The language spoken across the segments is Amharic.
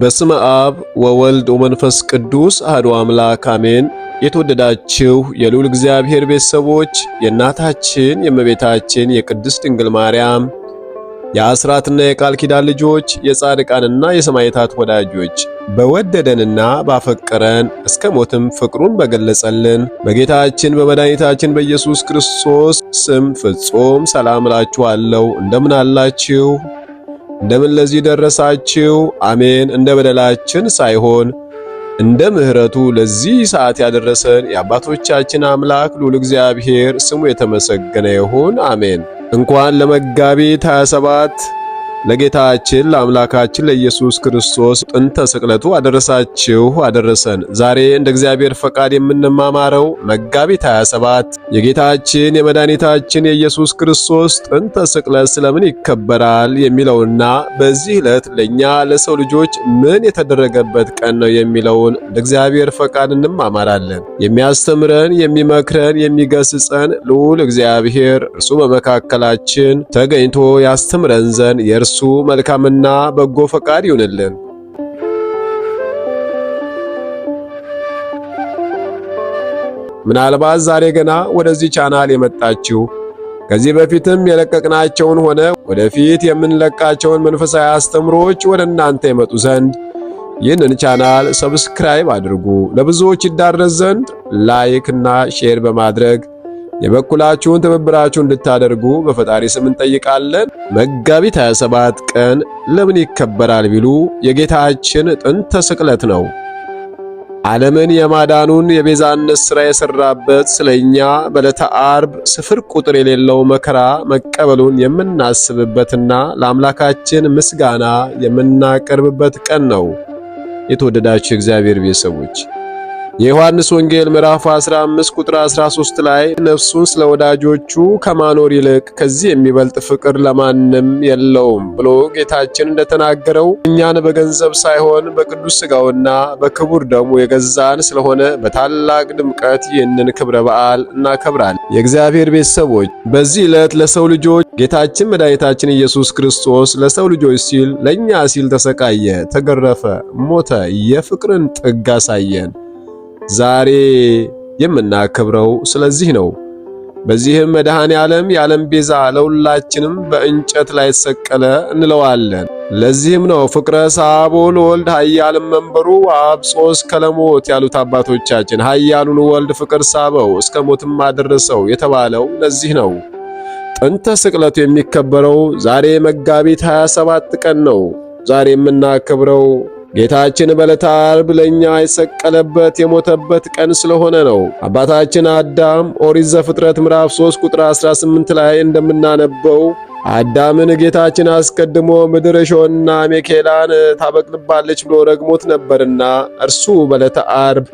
በስመ አብ ወወልድ ወመንፈስ ቅዱስ አሐዱ አምላክ አሜን። የተወደዳችሁ የልዑል እግዚአብሔር ቤተሰቦች የእናታችን የእመቤታችን የቅድስት ድንግል ማርያም የአስራትና የቃል ኪዳን ልጆች የጻድቃንና የሰማዕታት ወዳጆች በወደደንና ባፈቀረን እስከ ሞትም ፍቅሩን በገለጸልን በጌታችን በመድኃኒታችን በኢየሱስ ክርስቶስ ስም ፍጹም ሰላም እላችኋለሁ። እንደምን አላችሁ? እንደምን ለዚህ ደረሳችሁ? አሜን። እንደ በደላችን ሳይሆን እንደ ምሕረቱ ለዚህ ሰዓት ያደረሰን የአባቶቻችን አምላክ ልዑል እግዚአብሔር ስሙ የተመሰገነ ይሁን። አሜን። እንኳን ለመጋቢት 27 ለጌታችን ለአምላካችን ለኢየሱስ ክርስቶስ ጥንተ ስቅለቱ አደረሳችሁ አደረሰን። ዛሬ እንደ እግዚአብሔር ፈቃድ የምንማማረው መጋቢት 27 የጌታችን የመድኃኒታችን የኢየሱስ ክርስቶስ ጥንተ ስቅለት ስለምን ይከበራል የሚለውና በዚህ ዕለት ለእኛ ለሰው ልጆች ምን የተደረገበት ቀን ነው የሚለውን እንደ እግዚአብሔር ፈቃድ እንማማራለን። የሚያስተምረን፣ የሚመክረን፣ የሚገስጸን ልዑል እግዚአብሔር እርሱ በመካከላችን ተገኝቶ ያስተምረን ዘንድ የእርሱ የእሱ መልካምና በጎ ፈቃድ ይሁንልን። ምናልባት ዛሬ ገና ወደዚህ ቻናል የመጣችሁ ከዚህ በፊትም የለቀቅናቸውን ሆነ ወደፊት የምንለቃቸውን መንፈሳዊ አስተምሮች ወደ እናንተ ይመጡ ዘንድ ይህንን ቻናል ሰብስክራይብ አድርጉ። ለብዙዎች ይዳረስ ዘንድ ላይክ እና ሼር በማድረግ የበኩላችሁን ትብብራችሁን እንድታደርጉ በፈጣሪ ስም እንጠይቃለን። መጋቢት 27 ቀን ለምን ይከበራል ቢሉ የጌታችን ጥንተ ስቅለት ነው። ዓለምን የማዳኑን የቤዛነት ሥራ የሠራበት ስለኛ በዕለተ ዓርብ ስፍር ቁጥር የሌለው መከራ መቀበሉን የምናስብበትና ለአምላካችን ምስጋና የምናቀርብበት ቀን ነው። የተወደዳችሁ እግዚአብሔር ቤተሰቦች የዮሐንስ ወንጌል ምዕራፍ 15 ቁጥር 13 ላይ ነፍሱን ስለ ወዳጆቹ ከማኖር ይልቅ ከዚህ የሚበልጥ ፍቅር ለማንም የለውም ብሎ ጌታችን እንደተናገረው እኛን በገንዘብ ሳይሆን በቅዱስ ሥጋውና በክቡር ደሙ የገዛን ስለሆነ በታላቅ ድምቀት ይህንን ክብረ በዓል እናከብራለን። የእግዚአብሔር ቤተሰቦች በዚህ ዕለት ለሰው ልጆች ጌታችን መድኃኒታችን ኢየሱስ ክርስቶስ ለሰው ልጆች ሲል ለእኛ ሲል ተሰቃየ፣ ተገረፈ፣ ሞተ። የፍቅርን ጥግ አሳየን። ዛሬ የምናከብረው ስለዚህ ነው። በዚህም መድኃኔ ዓለም የዓለም ቤዛ ለሁላችንም በእንጨት ላይ ተሰቀለ እንለዋለን። ለዚህም ነው ፍቅረ ሳቦ ለወልድ ኃያልም መንበሩ አብጾስ ከለሞት ያሉት አባቶቻችን ኃያሉን ወልድ ፍቅር ሳበው እስከ ሞትም አደረሰው የተባለው ለዚህ ነው። ጥንተ ስቅለቱ የሚከበረው ዛሬ መጋቢት 27 ቀን ነው። ዛሬ የምናከብረው ጌታችን በዕለተ ዓርብ ለእኛ የሰቀለበት የሞተበት ቀን ስለሆነ ነው። አባታችን አዳም ኦሪት ዘፍጥረት ምዕራፍ 3 ቁጥር 18 ላይ እንደምናነበው አዳምን ጌታችን አስቀድሞ ምድር እሾህና ሜኬላን ታበቅልባለች ብሎ ረግሞት ነበርና እርሱ በዕለተ ዓርብ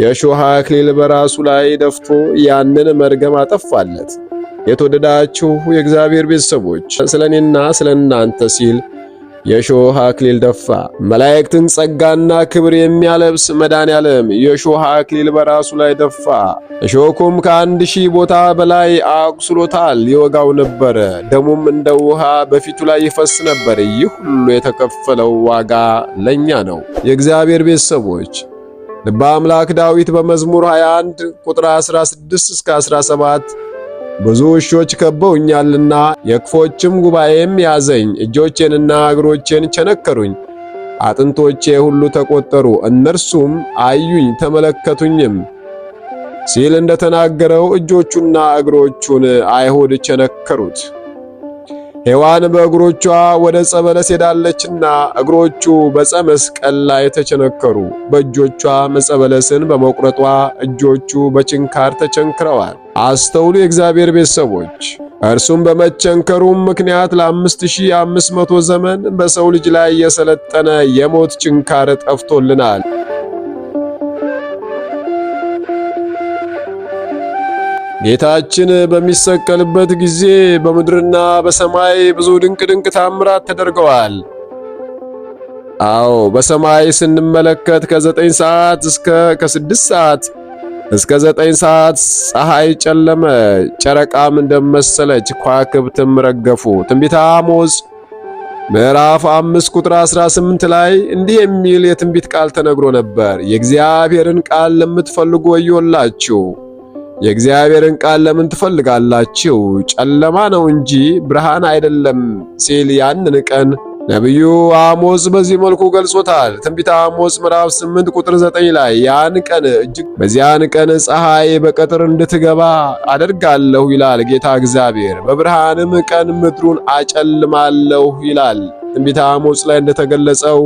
የእሾህ አክሊል በራሱ ላይ ደፍቶ ያንን መርገም አጠፋለት። የተወደዳችሁ የእግዚአብሔር ቤተሰቦች ስለ እኔና ስለ እናንተ ሲል የሾህ አክሊል ደፋ። መላእክትን ጸጋና ክብር የሚያለብስ መዳን ዓለም የሾህ አክሊል በራሱ ላይ ደፋ። እሾኩም ከአንድ ሺህ ቦታ በላይ አቁስሎታል፣ ይወጋው ነበረ። ደሙም እንደ ውሃ በፊቱ ላይ ይፈስ ነበር። ይህ ሁሉ የተከፈለው ዋጋ ለእኛ ነው። የእግዚአብሔር ቤተሰቦች ልበ አምላክ ዳዊት በመዝሙር 21 ቁጥር 16 እስከ 17 ብዙ ውሾች ከበውኛልና የክፎችም ጉባኤም ያዘኝ። እጆቼንና እግሮቼን ቸነከሩኝ። አጥንቶቼ ሁሉ ተቆጠሩ። እነርሱም አዩኝ ተመለከቱኝም ሲል እንደተናገረው እጆቹና እግሮቹን አይሁድ ቸነከሩት። ሔዋን በእግሮቿ ወደ ዕፀ በለስ ሄዳለችና እግሮቹ በዕፀ መስቀል ላይ ተቸነከሩ። በእጆቿ ዕፀ በለስን በመቁረጧ እጆቹ በችንካር ተቸንክረዋል። አስተውሉ የእግዚአብሔር ቤተሰቦች። እርሱም በመቸንከሩም ምክንያት ለ5500 ዘመን በሰው ልጅ ላይ የሰለጠነ የሞት ችንካር ጠፍቶልናል። ጌታችን በሚሰቀልበት ጊዜ በምድርና በሰማይ ብዙ ድንቅ ድንቅ ታምራት ተደርገዋል። አዎ በሰማይ ስንመለከት ከዘጠኝ ሰዓት እስከ ከስድስት ሰዓት እስከ ዘጠኝ ሰዓት ፀሐይ ጨለመ፣ ጨረቃም እንደመሰለች፣ ከዋክብትም ረገፉ። ትንቢተ አሞጽ ምዕራፍ 5 ቁጥር 18 ላይ እንዲህ የሚል የትንቢት ቃል ተነግሮ ነበር። የእግዚአብሔርን ቃል ለምትፈልጉ ወዮላችሁ የእግዚአብሔርን ቃል ለምን ትፈልጋላችሁ? ጨለማ ነው እንጂ ብርሃን አይደለም ሲል ያንን ቀን ነቢዩ አሞጽ በዚህ መልኩ ገልጾታል። ትንቢተ አሞጽ ምዕራፍ 8 ቁጥር 9 ላይ ያን ቀን እጅግ በዚያን ቀን ፀሐይ በቀትር እንድትገባ አደርጋለሁ ይላል ጌታ እግዚአብሔር፣ በብርሃንም ቀን ምድሩን አጨልማለሁ ይላል። ትንቢተ አሞጽ ላይ እንደተገለጸው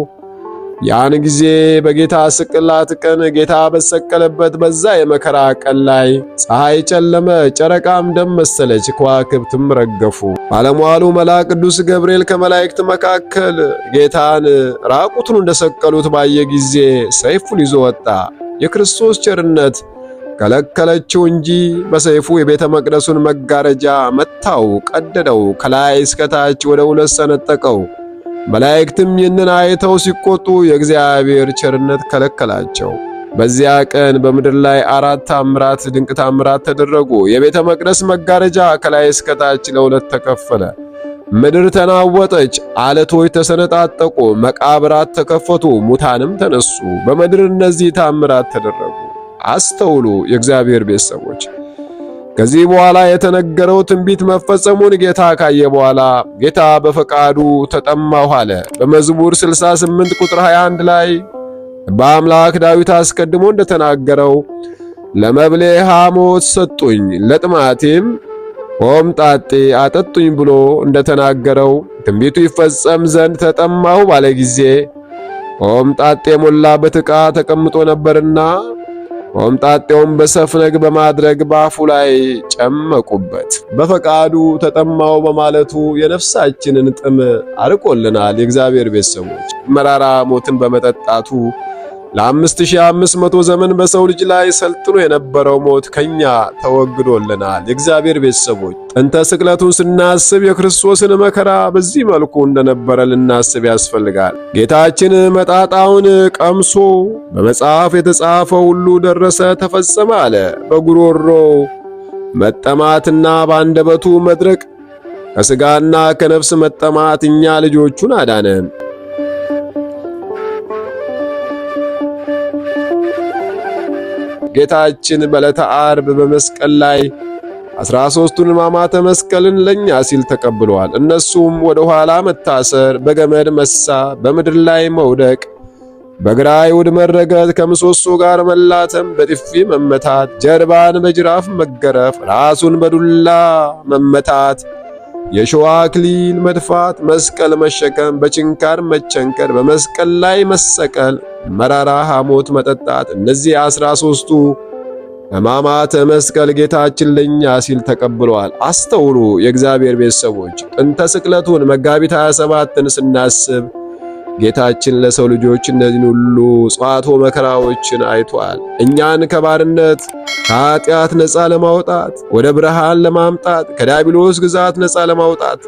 ያን ጊዜ በጌታ ስቅላት ቀን ጌታ በተሰቀለበት በዛ የመከራ ቀን ላይ ፀሐይ ጨለመ፣ ጨረቃም ደም መሰለች፣ ከዋክብትም ረገፉ። ባለሟሉ መልአክ ቅዱስ ገብርኤል ከመላእክት መካከል ጌታን ራቁቱን እንደሰቀሉት ባየ ጊዜ ሰይፉን ይዞ ወጣ። የክርስቶስ ቸርነት ከለከለችው እንጂ በሰይፉ የቤተ መቅደሱን መጋረጃ መታው፣ ቀደደው፣ ከላይ እስከታች ወደ ሁለት ሰነጠቀው። መላእክትም ይህንን አይተው ሲቆጡ የእግዚአብሔር ቸርነት ከለከላቸው። በዚያ ቀን በምድር ላይ አራት ታምራት ድንቅ ታምራት ተደረጉ። የቤተ መቅደስ መጋረጃ ከላይ እስከ ታች ለሁለት ተከፈለ። ምድር ተናወጠች፣ አለቶች ተሰነጣጠቁ፣ መቃብራት ተከፈቱ፣ ሙታንም ተነሱ። በምድር እነዚህ ታምራት ተደረጉ። አስተውሉ የእግዚአብሔር ቤተሰቦች። ከዚህ በኋላ የተነገረው ትንቢት መፈጸሙን ጌታ ካየ በኋላ ጌታ በፈቃዱ ተጠማሁ አለ። በመዝሙር 68 ቁጥር 21 ላይ በአምላክ ዳዊት አስቀድሞ እንደተናገረው ለመብሌ ሐሞት ሰጡኝ፣ ለጥማቴም ሆምጣጤ አጠጡኝ ብሎ እንደተናገረው ትንቢቱ ይፈጸም ዘንድ ተጠማሁ ባለ ጊዜ ሆምጣጤ የሞላበት ዕቃ ተቀምጦ ነበርና ሆምጣጤውን በሰፍነግ በማድረግ በአፉ ላይ ጨመቁበት። በፈቃዱ ተጠማው በማለቱ የነፍሳችንን ጥም አርቆልናል። የእግዚአብሔር ቤተሰቦች መራራ ሞትን በመጠጣቱ ለ5500 ዘመን በሰው ልጅ ላይ ሰልጥኖ የነበረው ሞት ከኛ ተወግዶልናል። የእግዚአብሔር ቤተሰቦች ጥንተ ስቅለቱን ስናስብ የክርስቶስን መከራ በዚህ መልኩ እንደነበረ ልናስብ ያስፈልጋል። ጌታችን መጣጣውን ቀምሶ በመጽሐፍ የተጻፈው ሁሉ ደረሰ፣ ተፈጸመ አለ። በጉሮሮ መጠማትና በአንደበቱ መድረቅ ከሥጋና ከነፍስ መጠማት እኛ ልጆቹን አዳነን። ጌታችን በዕለተ ዓርብ በመስቀል ላይ አስራ ሦስቱን ሕማማተ መስቀልን ለእኛ ሲል ተቀብሏል። እነሱም ወደ ኋላ መታሰር፣ በገመድ መሳ፣ በምድር ላይ መውደቅ፣ በግራ አይሁድ መረገጥ፣ ከምሰሶ ጋር መላተም፣ በጥፊ መመታት፣ ጀርባን በጅራፍ መገረፍ፣ ራሱን በዱላ መመታት የሸዋ አክሊል መድፋት፣ መስቀል መሸከም፣ በችንካር መቸንከር፣ በመስቀል ላይ መሰቀል፣ መራራ ሐሞት መጠጣት፣ እነዚህ አስራ ሦስቱ ሕማማተ መስቀል ጌታችን ለኛ ሲል ተቀብሏል። አስተውሉ የእግዚአብሔር ቤተሰቦች ጥንተ ስቅለቱን መጋቢት 27ን ስናስብ ጌታችን ለሰው ልጆች እነዚህን ሁሉ ጸዋትወ መከራዎችን አይቷል። እኛን ከባርነት ከኃጢአት ነፃ ለማውጣት ወደ ብርሃን ለማምጣት ከዲያብሎስ ግዛት ነፃ ለማውጣት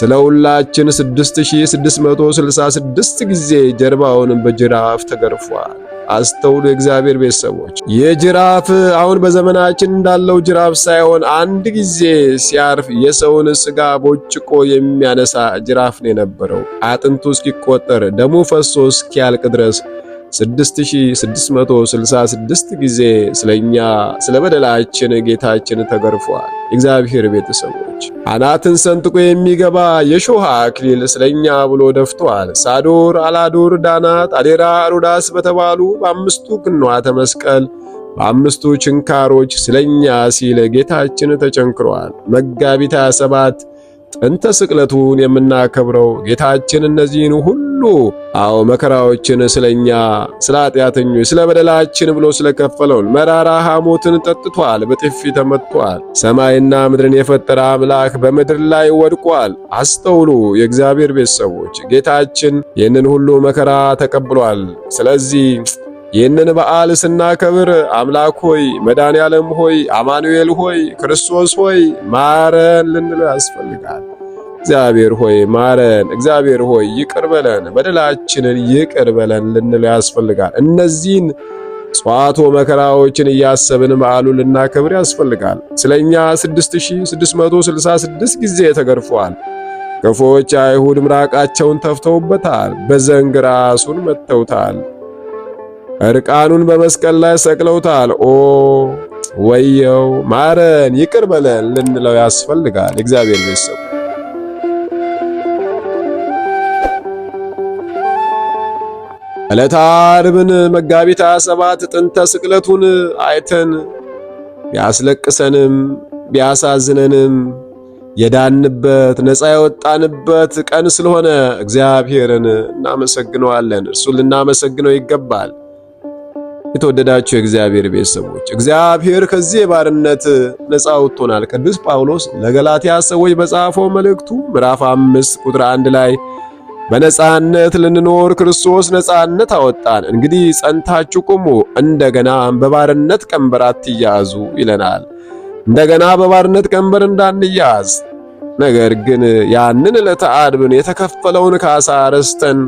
ስለ ሁላችን 6666 ጊዜ ጀርባውን በጅራፍ ተገርፏል። አስተውሉ የእግዚአብሔር ቤተሰቦች። ይህ ጅራፍ አሁን በዘመናችን እንዳለው ጅራፍ ሳይሆን አንድ ጊዜ ሲያርፍ የሰውን ስጋ ቦጭቆ የሚያነሳ ጅራፍ ነው የነበረው። አጥንቱ እስኪቆጠር ደሙ ፈሶ እስኪያልቅ ድረስ 6666 ጊዜ ስለኛ ስለ በደላችን ጌታችን ተገርፏል። እግዚአብሔር ቤተሰቦች አናትን ሰንጥቆ የሚገባ የሾህ አክሊል ስለኛ ብሎ ደፍቷል። ሳዶር፣ አላዶር፣ ዳናት፣ አዴራ፣ አሮዳስ በተባሉ በአምስቱ ግንዋተ መስቀል በአምስቱ ችንካሮች ስለኛ ሲል ጌታችን ተቸንክሯል። መጋቢት 27 ጥንተ ስቅለቱን የምናከብረው ጌታችን እነዚህን ሁሉ አዎ መከራዎችን ስለኛ ስለ ኃጢአተኞች ስለ በደላችን ብሎ ስለከፈለውን መራራ ሐሞትን ጠጥቷል። በጥፊ ተመትቷል። ሰማይና ምድርን የፈጠረ አምላክ በምድር ላይ ወድቋል። አስተውሉ የእግዚአብሔር ቤተሰቦች፣ ጌታችን ይህንን ሁሉ መከራ ተቀብሏል። ስለዚህ ይህንን በዓል ስናከብር አምላክ ሆይ መድኃኔ ሆይ አማኑኤል ሆይ ክርስቶስ ሆይ ማረን ልንለው ያስፈልጋል። እግዚአብሔር ሆይ ማረን፣ እግዚአብሔር ሆይ ይቅር በለን፣ በደላችንን ይቅር በለን ልንለው ያስፈልጋል። እነዚህን ጽዋቶ መከራዎችን እያሰብን በዓሉን ልናከብር ያስፈልጋል። ስለኛ 6666 ጊዜ ተገርፏል። ክፉዎች አይሁድ ምራቃቸውን ተፍተውበታል፣ በዘንግ ራሱን መተውታል። እርቃኑን በመስቀል ላይ ሰቅለውታል። ኦ ወየው! ማረን፣ ይቅር በለን ልንለው ያስፈልጋል። እግዚአብሔር ቤተሰቡ ዕለተ ዓርብን መጋቢት 27 ጥንተ ስቅለቱን አይተን ቢያስለቅሰንም ቢያሳዝነንም የዳንበት ነፃ የወጣንበት ቀን ስለሆነ እግዚአብሔርን እናመሰግነዋለን። እርሱን ልናመሰግነው ይገባል። የተወደዳችሁ የእግዚአብሔር ቤተሰቦች እግዚአብሔር ከዚህ የባርነት ነፃ አውጥቶናል። ቅዱስ ጳውሎስ ለገላትያ ሰዎች በጻፈው መልእክቱ ምዕራፍ አምስት ቁጥር አንድ ላይ በነጻነት ልንኖር ክርስቶስ ነጻነት አወጣን። እንግዲህ ጸንታችሁ ቁሙ፣ እንደገና በባርነት ቀንበር አትያዙ ይለናል። እንደገና በባርነት ቀንበር እንዳንያዝ፣ ነገር ግን ያንን ዕለተ አድብን የተከፈለውን ካሳ ረስተን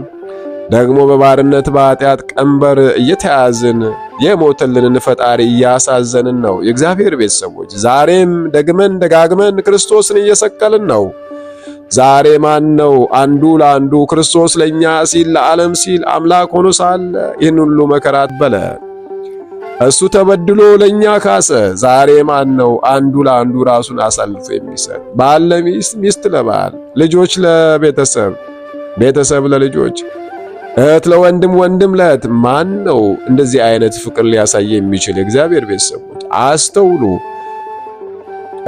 ደግሞ በባርነት በኃጢአት ቀንበር እየተያዝን የሞተልንን ፈጣሪ እያሳዘንን ነው። የእግዚአብሔር ቤተሰቦች ዛሬም ደግመን ደጋግመን ክርስቶስን እየሰቀልን ነው። ዛሬ ማን ነው አንዱ ለአንዱ ክርስቶስ ለእኛ ሲል ለዓለም ሲል አምላክ ሆኖ ሳለ ይህን ሁሉ መከራ በለ እሱ ተበድሎ ለእኛ ካሰ። ዛሬ ማን ነው አንዱ ለአንዱ ራሱን አሳልፎ የሚሰጥ? ባል ለሚስት፣ ሚስት ለባል፣ ልጆች ለቤተሰብ፣ ቤተሰብ ለልጆች፣ እህት ለወንድም፣ ወንድም ለእህት። ማን ነው እንደዚህ አይነት ፍቅር ሊያሳይ የሚችል? የእግዚአብሔር ቤተሰቦች አስተውሉ።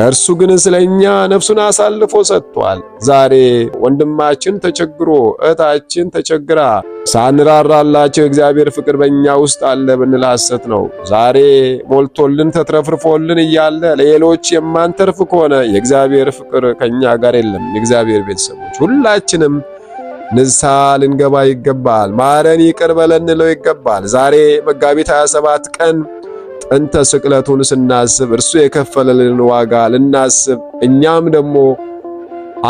እርሱ ግን ስለ እኛ ነፍሱን አሳልፎ ሰጥቷል። ዛሬ ወንድማችን ተቸግሮ እህታችን ተቸግራ ሳንራራላቸው የእግዚአብሔር ፍቅር በእኛ ውስጥ አለ ብንል ሐሰት ነው። ዛሬ ሞልቶልን ተትረፍርፎልን እያለ ለሌሎች የማንተርፍ ከሆነ የእግዚአብሔር ፍቅር ከእኛ ጋር የለም። የእግዚአብሔር ቤተሰቦች ሁላችንም ንስሐ ልንገባ ይገባል። ማረን ይቅር በለን ይገባል። ዛሬ መጋቢት 27 ቀን ጥንተ ስቅለቱን ስናስብ እርሱ የከፈለልን ዋጋ ልናስብ እኛም ደግሞ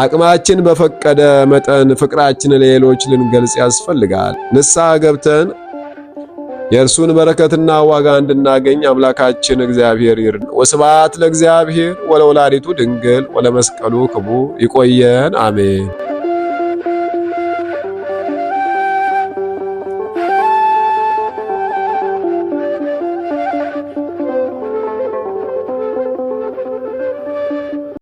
አቅማችን በፈቀደ መጠን ፍቅራችን ለሌሎች ልንገልጽ ያስፈልጋል። ንስሐ ገብተን የእርሱን በረከትና ዋጋ እንድናገኝ አምላካችን እግዚአብሔር ይርዳን። ወስብሐት ለእግዚአብሔር ወለወላዲቱ ድንግል ወለመስቀሉ ክቡር። ይቆየን። አሜን።